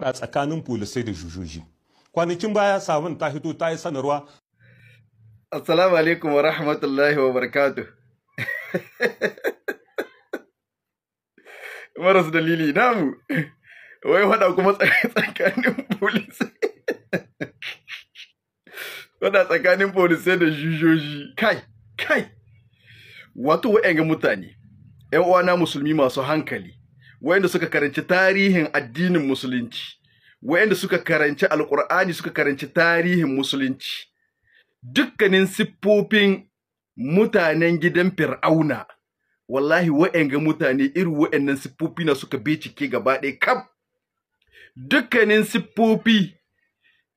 faɗa tsakanin polisai da jujuji kwanakin baya sabon ta hito ta yi sanarwa assalamu alaikum wa rahmatullahi wa barakatu maras dalili namu wai faɗa kuma tsakanin polisai faɗa tsakanin polisai da jujuji kai kai wato wa'yan mutane 'yan uwana musulmi masu hankali wayanda suka karanci tarihin addinin musulunci wayanda suka karanci alkur'ani suka karanci tarihin musulunci dukkanin siffofin mutanen gidan fir'auna wallahi ga mutane irin wa'annan siffofi na suka bincike gaba ɗaya kam. dukkanin siffofi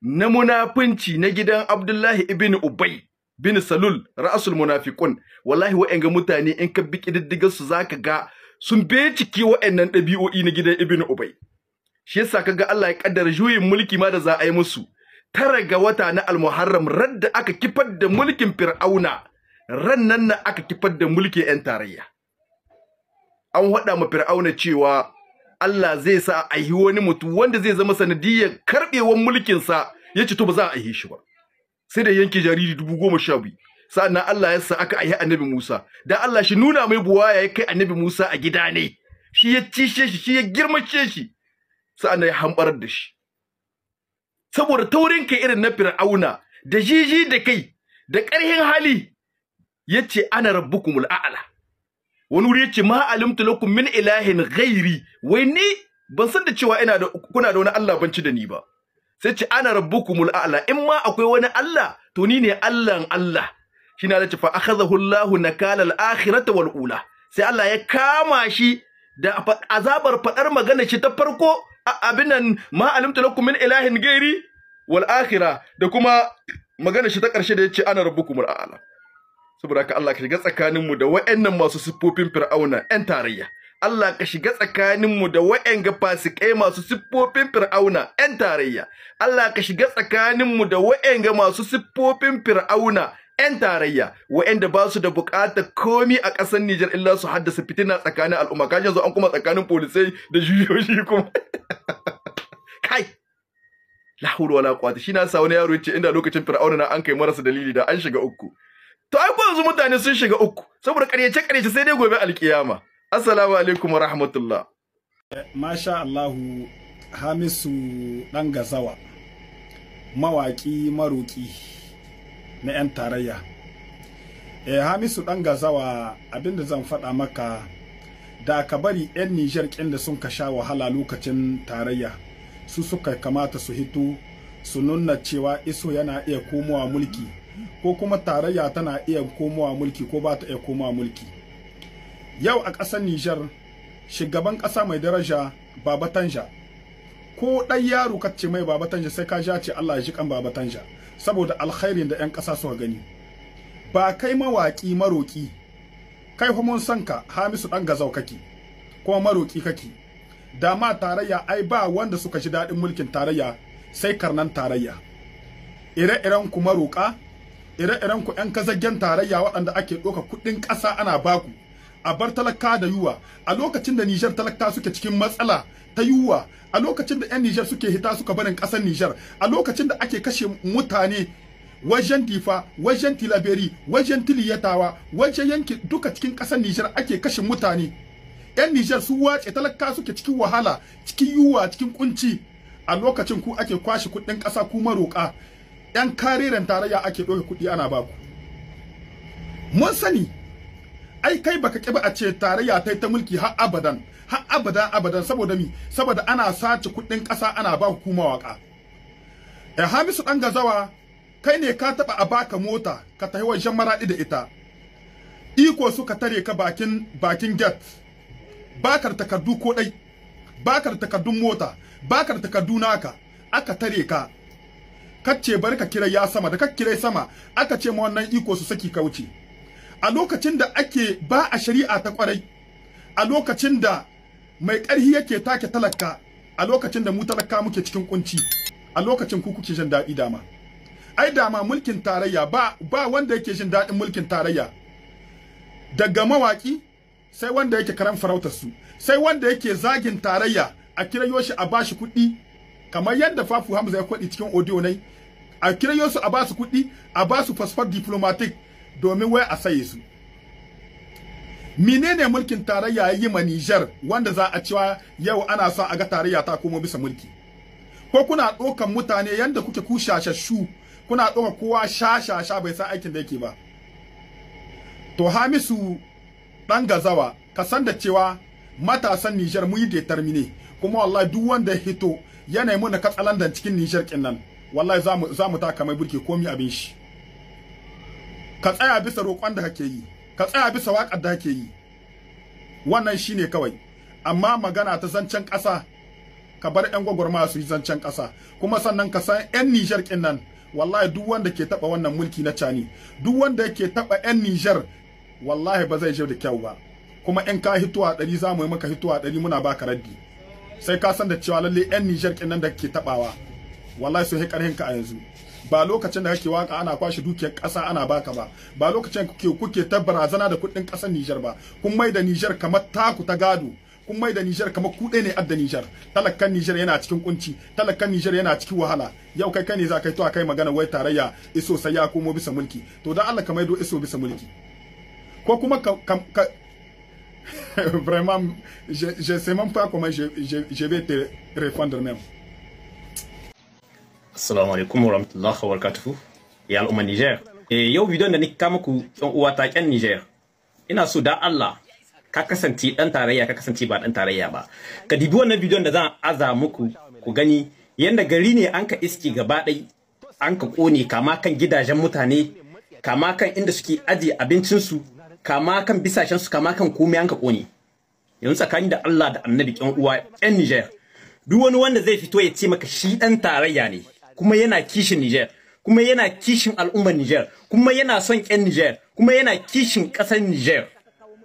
na munafunci na gidan Abdullahi ibn Ubay bin Salul ra'asul munafiqun wallahi ga mutane in ka bi kididdigar su zaka ga sun bincike wayannan ɗabi'o'i na gidan ibn Ubay shi yasa kaga Allah ya kaddara juyin mulki ma da za a yi musu tara ga wata na al al-muharram radda aka kifar da mulkin fir'auna rannan na aka kifar da mulki yan tarayya an hada ma fir'auna cewa Allah zai sa a yi wani mutu wanda zai zama sanadiyar karɓewar mulkinsa ya ce to ba za a yi shi ba sai da yanke jariri dubu goma sha biyu sa'annan Allah ya sa aka yi annabi Musa dan Allah shi nuna mai buwaya ya kai annabi Musa a gida ne shi ya cishe shi shi ya girmace shi sa'an ya hambarar da shi saboda taurin kai irin na fir'auna da jiji da kai da ƙarhin hali yace ana rabbukumul a'la wani wuri yace ma alimtu lakum min ilahin ghairi wai ni ban san da cewa ina da kuna da wani Allah banci da ni ba sai ce ana rabbukumul a'la in ma akwai wani Allah to ni ne Allahn Allah Shi na ce fa akhadhahu Allahu al akhirata wal ula sai Allah ya kama shi da azabar faɗar magana shi ta farko abin nan ma alimta lakum min ilahin gairi wal akhirah da kuma magana shi ta ƙarshe da yace ana al a'lam saboda haka Allah ka shiga tsakaninmu da wa'annan masu siffofin fir'auna 'yan tarayya Allah ka shiga tsakaninmu da ga fasikai masu siffofin fir'auna ‘yan tarayya, Allah ka shiga tsakaninmu da ga masu siffofin fir'auna 'yan tarayya wa'anda ba su da buƙatar komi a ƙasar Nijar illa su haddasa fitina tsakanin al'umma kashin yanzu an kuma tsakanin polisai da juyoyi kuma kai la wala kwata shi na sa wani yaro yace inda lokacin fir'auna na an kai marasa dalili da an shiga uku to ai yanzu mutane sun shiga uku saboda ƙaryace ƙaryace sai dai gobe alƙiyama assalamu alaikum wa rahmatullah masha Allahu Hamisu dan gazawa mawaki maruki. na 'yan tarayya e hamisu dan gazawa abinda zan faɗa maka da ka bari 'yan nijar kin da sun ka sha wahala lokacin tarayya su suka kamata su hito su nuna cewa iso yana iya komowa mulki ko kuma tarayya tana iya komowa mulki ko ba ta iya komowa mulki yau a ƙasar nijar shugaban ƙasa mai daraja baba ko ɗan yaro ka ce mai baba sai ka ja ce allah ya ji kan baba saboda alkhairin da 'yan ƙasa suka gani ba kai mawaƙi maroƙi kai mun san ka hamisu ɗan gazau kake kuma maroƙi kake da ma tarayya ai ba wanda suka ji daɗin mulkin tarayya sai karnan tarayya ire-iren ku maroƙa ire-iren ku 'yan kazaggen tarayya waɗanda ake ɗauka kuɗin ƙasa ana baku a bar talaka da yuwa a lokacin da Nijar talaka suke cikin matsala ta yuwa a lokacin da 'yan Nijar suke hita suka barin ƙasar Nijar a lokacin da ake kashe mutane wajen difa wajen tilaberi wajen tiliyatawa wajen yanki duka cikin ƙasar Nijar ake kashe mutane 'yan Nijar su wace talaka suke cikin wahala cikin yuwa cikin kunci a lokacin ku ake kwashe kuɗin ƙasa ku maroƙa 'yan kareren tarayya ake ɗauke kuɗi ana baku mun sani ai kai baka kiba a ce tarayya ta ta mulki har abadan har abadan abadan saboda mi saboda ana sace kudin kasa ana ba hukuma waka eh Hamisu dan gazawa kai ne ka taba a baka mota ka tafi wajen maradi da ita iko suka tare ka bakin bakin gate bakar takardu ko dai bakar takardun mota bakar takardu naka aka tare ka kace bari kira ya sama da ka sama aka ce ma wannan iko su saki ka wuce a lokacin da ake ba a shari'a ta kwarai a lokacin da mai ƙarhi yake take talaka a lokacin da mu talaka muke cikin kunci a lokacin ku kuke jin daɗi dama ai dama mulkin tarayya ba ba wanda yake jin daɗin mulkin tarayya daga mawaki sai wanda yake karan farautar su sai wanda yake zagin tarayya a kirayo shi a bashi kuɗi kamar yadda Fafu Hamza ya kwaɗi cikin audio nai a kirayo su a basu kuɗi a basu passport diplomatic domin wai a saye su menene mulkin tarayya yi ma Niger wanda za a cewa yau ana son a ga tarayya ta komo bisa mulki ko kuna ɗaukan mutane yanda kuke ku shashashu kuna ɗauka kowa shashasha bai san aikin da yake ba to Hamisu dan gazawa ka san da cewa matasan Niger mu yi determine kuma wallahi duk wanda ya hito yana yi mana katsalandan cikin Niger kin nan wallahi za mu za mu taka mai burki komi abin shi ka tsaya bisa roƙon da kake yi ka tsaya bisa waƙar da kake yi wannan shine kawai amma magana ta zancen ƙasa ka bar ƴan gwagwarmaya su yi zancen ƙasa kuma sannan ka san ƴan Niger kin nan wallahi duk wanda ke taba wannan mulki na cani duk wanda yake taba ƴan Niger wallahi ba zai je da kyau ba kuma in ka hituwa ɗari za mu yi maka hituwa dari muna baka raddi sai ka san da cewa lalle ƴan Niger kin nan da ke tabawa wallahi su hi karhin ka a yanzu ba lokacin da kake waka ana kwashe dukiyar kasa ana baka ba ba lokacin kuke kuke ta barazana da kuɗin ƙasar Nijar ba kun mai da Niger kamar taku ta gado kun mai da Nijar kamar kuɗe ne adda Nijar talakan Nijar yana cikin kunci talakan Nijar yana cikin wahala yau kai kai ne za kai to kai magana wai tarayya iso sai ya komo bisa mulki to dan Allah ka do iso bisa mulki ko kuma ka, ka vraiment je je sais même pas comment je je, je vais te répondre même Assalamu alaikum wa rahmatullah wa barakatuhu. Ya al'umma Niger. Eh yau bidon da nika muku ku ɗan uwa ta Niger. Ina so da Allah ka kasance ɗan tarayya ka kasance ba ɗan tarayya ba. Ka dibi wannan bidon da zan aza muku ku gani yanda gari ne an ka iski gaba ɗai an ka ƙone kama kan gidajen mutane kama kan inda suke ajiye abincinsu kama kan bisashensu kama kan komai an ka ƙone. Yanzu tsakani da Allah da annabi yan uwa ƙyan Niger. Duk wani wanda zai fito ya ce maka shi ɗan tarayya ne, kuma yana kishin Niger kuma yana kishin al'ummar Niger kuma yana son ƴan Niger kuma yana kishin ƙasar Niger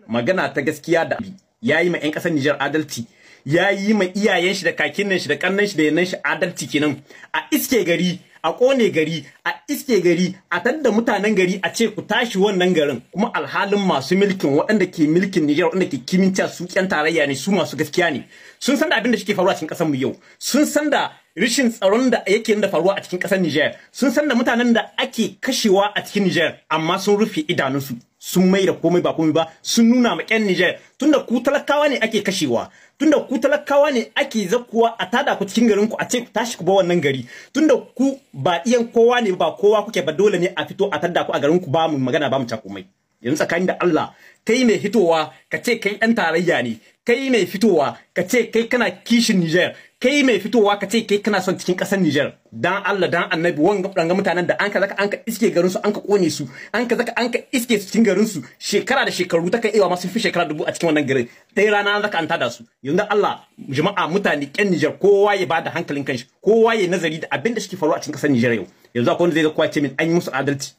magana ta gaskiya da yayi ma ƴan ƙasar Niger adalci Ya yi ma iyayen shi da kakin shi da ƙannan shi da yanan shi adalci kenan a iske gari a ƙone gari a iske gari a tadda mutanen gari a ce ku tashi wannan garin kuma alhalin masu milkin waɗanda ke milkin Niger waɗanda ke kimin su ƴan tarayya ne su masu gaskiya ne sun san da abin da shike faruwa cikin ƙasar mu yau sun san da rishin tsaron da yake da faruwa a cikin kasar Nijar sun san da mutanen da ake kashewa a cikin Nijar amma sun rufe idanunsu sun mai da komai ba komai ba sun nuna ma ƴan Nijar tunda ku talakawa ne ake kashewa tunda ku talakawa ne ake zakkuwa a tada ku cikin garin ku a ce ku tashi ku ba wannan gari tunda ku ba iyan kowa ne ba kowa kuke ba dole ne a fito a tada ku a garin ku ba mu magana ba mu ta komai yanzu tsakanin da Allah kai mai fitowa ka ce kai ɗan tarayya ne kai mai fitowa ka ce kai kana kishin Niger kai mai fitowa ka ce kai kana son cikin ƙasar Niger dan Allah dan Annabi wanga danga mutanen da an ka zaka an ka iske garin su an ka kone su an ka zaka an ka iske su cikin garin su shekara da shekaru ta kai iya ma sun fi shekara dubu a cikin wannan garin dai rana zaka an tada su yanzu Allah jama'a mutane ƙen Niger kowa ya bada hankalin kanshi kowa ya nazari da abin da suke faruwa a cikin ƙasar Niger yau yanzu akwai wanda zai zaka ce min an yi musu adalci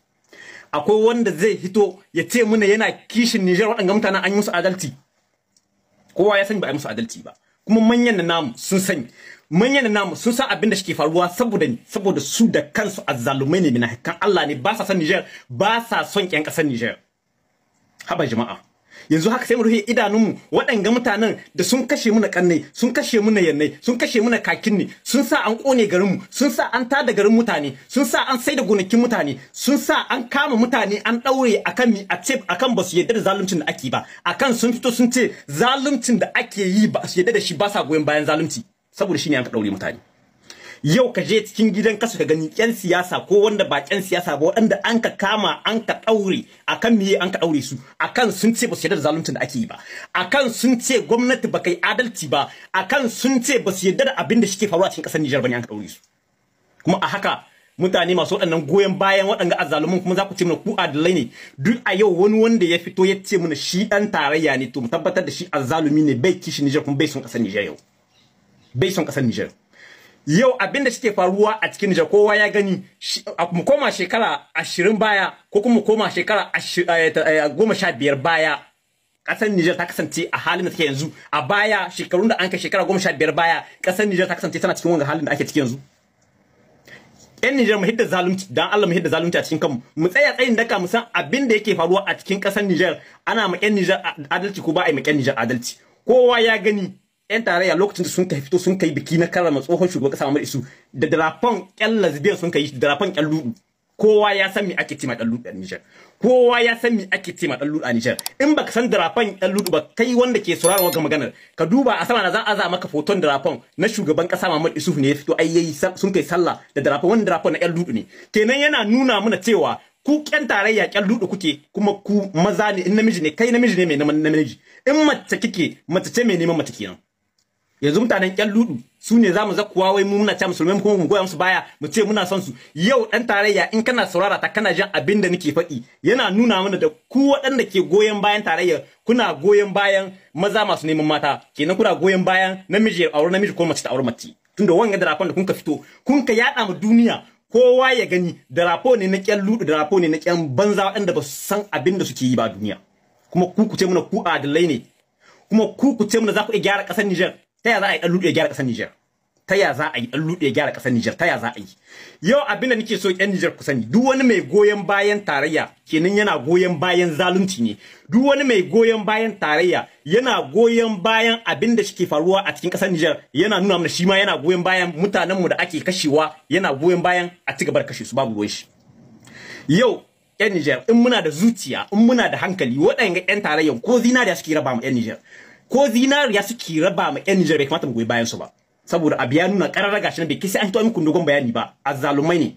akwai wanda zai hito ya ce muna yana kishin Niger waɗanga mutanen an yi musu adalci kowa ya sani ba a yi musu adalci ba kuma manyan na namu sun sani manyan na namu sun san abin da shi faruwa saboda ni saboda su da kansu azzalumai ne kan Allah ne ba sa son Niger ba sa son ƴan ƙasar Niger haba jama'a yanzu haka sai mu rufe mu waɗanga mutanen da sun kashe muna kannai sun kashe muna yannai sun kashe muna kakinni sun sa an kone garinmu sun sa an tada garin mutane sun sa an da gonakin mutane sun sa an kama mutane an daure akan mi a ce akan basu yadda da zaluncin da ake ba akan sun fito sun ce zaluncin da ake yi ba su yarda da shi ba sa goyon bayan zalunci saboda shine an ka ɗaure mutane yau ka je cikin gidan kasu ka gani yan siyasa ko wanda ba ƴan siyasa ba waɗanda an ka kama an ka ɗaure akan miye an ka ɗaure su akan sun ce ba su yarda da zaluncin da ake yi ba akan sun ce gwamnati ba yi adalci ba akan sun ce ba su yarda da abin da shike faruwa cikin ƙasar Nijar ne an ka ɗaure su kuma a haka mutane masu waɗannan goyon bayan waɗanga azzalumin kuma za ku ce mana ku adalai ne duk a yau wani wanda ya fito ya ce mana shi ɗan tarayya ne to mu tabbatar da shi azzalumi ne bai kishi Nijar kuma bai son ƙasar Nijar yau bai son ƙasar Nijar yau abin da suke faruwa a cikin Nijar kowa ya gani mu koma shekara ashirin baya ko kuma mu koma shekara eh, eh, goma sha biyar baya ƙasar Nijar ta kasance a halin da take yanzu a baya shekarun da an kai shekara goma sha biyar baya ƙasar Nijar ta kasance tana cikin wanga halin da ake ciki yanzu. Yan Nijar mu hidda zalunci dan Allah mu hidda zalunci a cikin kanmu mu tsaya tsayin daka mu san abin da yake faruwa a cikin ƙasar Nijar ana ma yan Nijar adalci ko ba a yi ma yan Nijar adalci kowa ya gani 'yan tarayya lokacin da sun ka fito sun kai biki na karrama tsohon shugaban kasa Muhammadu Isu da darafan ƴan lesbian sun kai darafan ƴan ludu kowa ya san me ake ce ma dan ludu a Niger kowa ya san me ake ce ma dan ludu a Niger in baka san darafan ƴan ludu ba kai wanda ke sauraron wannan maganar ka duba a sama na za a za maka foton darafan na shugaban kasa Muhammadu Isu ne ya fito ai yayi sun kai sallah da darafan wannan darafan na ƴan ludu ne kenan yana nuna mana cewa ku kyan tarayya kyan ludu kuke kuma ku maza ne in namiji ne kai namiji ne mai namiji in mace kike mace ce mai neman mace kenan yanzu mutanen ƙyan su ne za mu kuwa wai mu muna cewa musulmai kuma mu goya musu baya mu ce muna son su yau dan tarayya in kana saurara ta kana jin abin da nake faɗi yana nuna mana da ku waɗanda ke goyon bayan tarayya kuna goyon bayan maza masu neman mata kenan kuna goyon bayan namiji ya aure namiji ko mace ta aure mace tunda wanga da rafon da kun ka fito kun ka yaɗa ma duniya kowa ya gani da ne na ƙyan ludu ne na kyan banza waɗanda ba su san abin da suke yi ba duniya kuma ku ku ce muna ku adalai ne kuma ku ku ce muna za ku iya gyara kasar Nijar ta za a yi dan lude gyara kasar Niger ta ya za a yi dan lude gyara kasar Niger ta ya za a yi yau abinda nake so yan Niger ku sani duk wani mai goyen bayan tarayya kenan yana goyen bayan zalunci ne duk wani mai goyen bayan tarayya yana goyen bayan abin da shike faruwa a cikin kasar Niger yana nuna mana shi ma yana goyen bayan mutanen mu da ake kashewa yana goyen bayan a ci gaba da kashe su babu ruwan shi yau 'yan Nijar in muna da zuciya in muna da hankali waɗanda 'yan tarayyan ko zinariya suke raba mu 'yan Nijar ko zinariya suke raba ma yan Nijar bai kamata mu goyi bayan su ba saboda abu ya nuna karara gashi nan bai kisa an fito muku dogon bayani ba azzalumai ne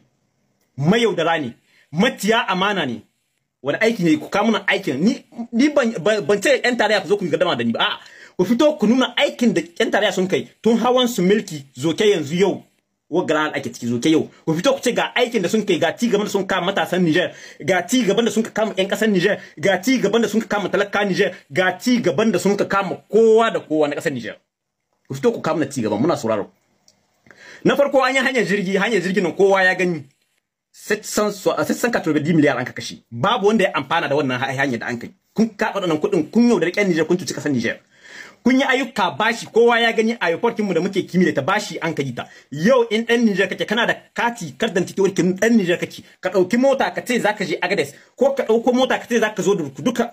mayaudara ne matiya amana ne wani aiki ne ku kawo aikin ni ni ban ce yan tarayya ku zo ku gaddama da ni ba a'a ku fito ku nuna aikin da yan tarayya sun kai tun hawan su milki zoke yanzu yau wagga ake ciki zo ke yau ku fito ku ce ga aikin da sun kai ga ci gaban da sun kama matasan Niger ga ci gaban da sun kama ƴan ƙasar Niger ga ci gaban da sun kama talaka Niger ga ci gaban da sun kama kowa da kowa na ƙasar Niger ku fito ku kama na ci gaban muna sauraro na farko an yi hanyar jirgi hanyar jirgin nan kowa ya gani sassan sassan katurbe miliyar an ka kashe babu wanda ya amfana da wannan hanyar da an kai kun ka nan kuɗin kun yau da riƙen Niger kun cuci ƙasar Niger kun yi ayyuka bashi kowa ya gani a yaporkin da muke kimi ta bashi an kai ta yau in dan nijar kake kana da kati kardan take warkin dan nijar kake ka dauki mota ka ce zaka je Agades ko ka dauko mota ka ce zaka zo da duka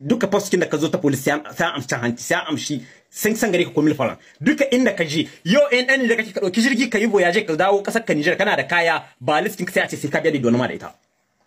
duka fasikin da ka zo ta police sai an amshi hanci sai an amshi san san gare ka komil falan duka inda ka je yau in dan nijar kake ka dauki jirgi ka yi voyage ka dawo kasar ka nijar kana da kaya ba listing sai a ce sai ka biya da wani ma da ita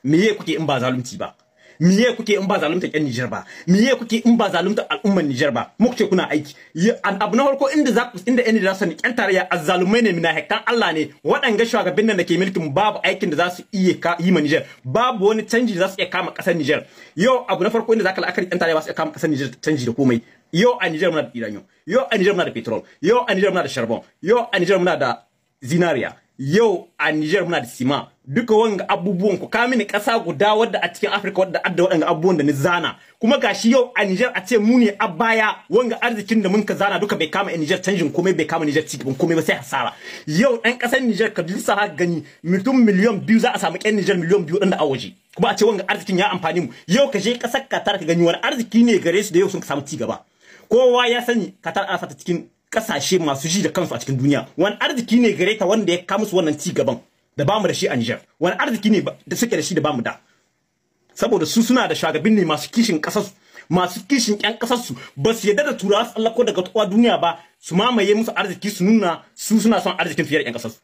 me ye kuke in ba zalunci ba miye kuke in ba zalunta ƴan Nijar ba miye kuke in ba zalunta al'ummar Nijar ba muku ce kuna aiki abu na farko inda za ku inda ƴan Nijar su ƴan tarayya azzalumai ne mina hektan Allah ne waɗanga shugabannin nan da ke mulkin babu aikin da za su iya yi ma Nijar babu wani canji da za su iya kama ƙasar Nijar yau abu na farko inda za ka la'akari ƴan tarayya ba su iya kama ƙasar Nijar canji da komai yau a Nijar muna da Iraniyo yau a Nijar muna da petrol yau a Nijar muna da charbon yau a Nijar muna da zinariya yau a Niger muna da sima duka wanga abubuwan ku ka mini kasa guda wadda a cikin Africa wadda adda wadanga abubuwan da ni zana kuma gashi yau a Niger a ce mu ne a baya wanga arzikin da mun ka zana duka bai kama Niger canjin komai bai kama Niger ci gaban komai ba sai hasara yau dan kasar Niger ka dinsa ha gani mutum miliyan biyu za a samu kyan Niger miliyan biyu din da a waje kuma a ce wanga arzikin ya amfani mu yau ka je kasar Qatar ka gani wani arziki ne gare su da yau sun samu ci gaba kowa ya sani Qatar an sata cikin kasashe masu ji da kansu a cikin duniya wani arziki ne gare ta wanda ya kawo musu wannan ci gaban da bamu da shi a Niger wani arziki ne da suke da shi da bamu da saboda su suna da shagabin ne masu kishin kasarsu masu kishin ƴan kasarsu ba su yarda da turawa su tsallako daga kowa duniya ba su mamaye musu arziki su nuna su suna son arzikin fiye da ƴan kasarsu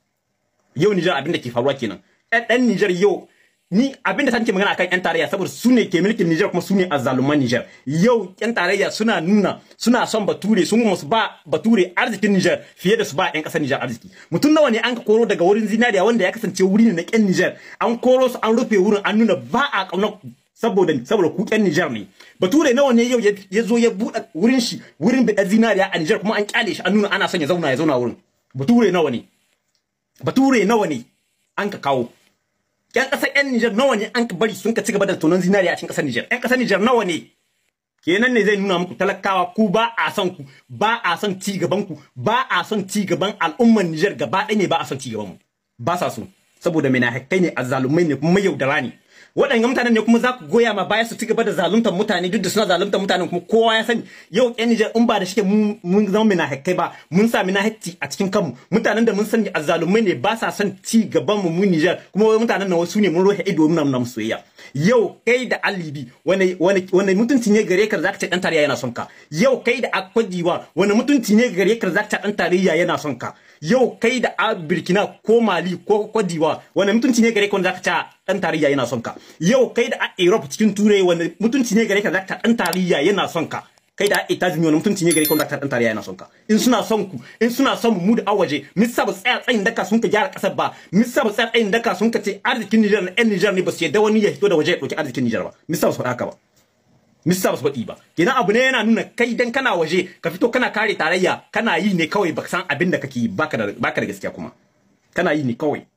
yau Niger abin da ke faruwa kenan ɗan nijar yau ni abin da take magana akan yan tarayya saboda su ne ke mulkin Niger kuma su ne azzaluman Niger yau yan tarayya suna nuna suna son bature sun musu ba bature arzikin Niger fiye da su ba yan kasar Niger arziki mutum nawa ne an ka koro daga wurin zinariya wanda ya kasance wuri ne na yan Niger an koro su an rufe wurin an nuna ba a kauna saboda saboda ku yan Niger ne bature nawa ne yau ya zo ya buɗe wurin shi wurin da zinariya a Niger kuma an kyale shi an nuna ana son ya zauna ya zauna wurin bature nawa ne bature nawa ne an ka kawo 'yan ƙasar 'yan Nijar nawa ne an bari sun ka ci gaba da tonon zinari a cikin ƙasar Nijar 'yan ƙasar Nijar nawa ne kenan ne zai nuna muku talakawa ku ba a son ku ba a son ci gaban ku ba a son ci gaban al'ummar Nijar gaba ɗaya ne ba a son ci gaban mu ba sa so saboda mai na hakkai ne azzalumai ne kuma yaudara ne waɗannan mutanen ne kuma za ku goya ma baya su ci gaba da zaluntar mutane duk da suna zaluntar mutanen kuma kowa ya sani yau ƴan Nijar in ba da shike mun zama hakkai ba mun sa hakki a cikin kanmu mutanen da mun sani zalumai ne ba sa son ci gaban mu mu Nijar kuma mutanen nan wasu ne mun rohe ido mun nan soyayya yau kai da Alibi wani wani wani mutunci ne gare ka zaka ce dan tarayya yana son ka yau kai da Akwajiwa wani mutunci ne gare ka zaka ce dan tarayya yana son ka yau kai da Burkina ko Mali ko Kwadiwa wani mutunci ne gare ka zaka ce ah, dan tarayya yana son ka yau kai da Europe cikin turai wanda mutunci ne gare ka dakta dan tarayya yana son ka kai da Italy ne wani mutunci ne gare ka dakta dan tarayya yana son ka in suna son ku in suna son mu da awaje missa ba tsaya tsayin daka sun ka gyara kasar ba missa ba tsaya tsayin daka sun ka ce arzikin Niger na Niger ne ba su yadda wani ya hito da waje ya ɗauki arzikin Niger ba missa ba su faɗa ba Mista basu baɗi ba. Kenan abu ne yana nuna kai dan kana waje ka fito kana kare tarayya kana yi ne kawai baka san abin da kake yi baka da gaskiya kuma. Kana yi ne kawai.